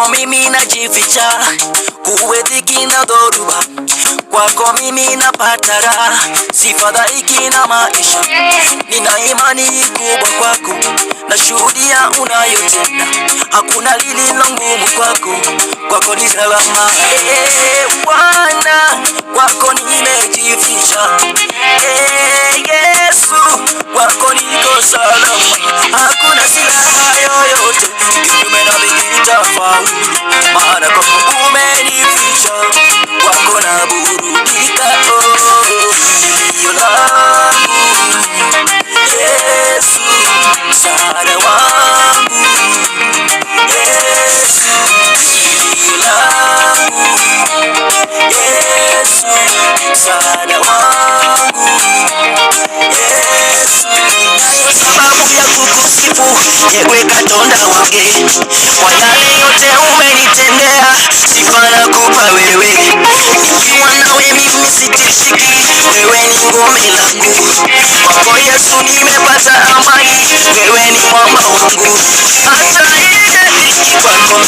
kwako mimi najificha, kuwe dhiki na dhoruba, kwako mimi napata raha, sifadhaiki na maisha. Nina imani kubwa kwako, nashuhudia unayotenda, hakuna lililo ngumu kwako, kwako ni salama. Hey, Bwana kwako nimejificha. Hey, Yesu kwako niko salama. Hakuna msaada wangu Yesu, sababu ya kukusifu yewe Katonda wange, kwa yale yote umenitendea, sifa nakupa wewe. Nikiwa nawe mimi sitikisiki, wewe ni ngome langu, kwako Yesu nimepata amani, wewe ni mwamba wangu, hata ile dhiki kwako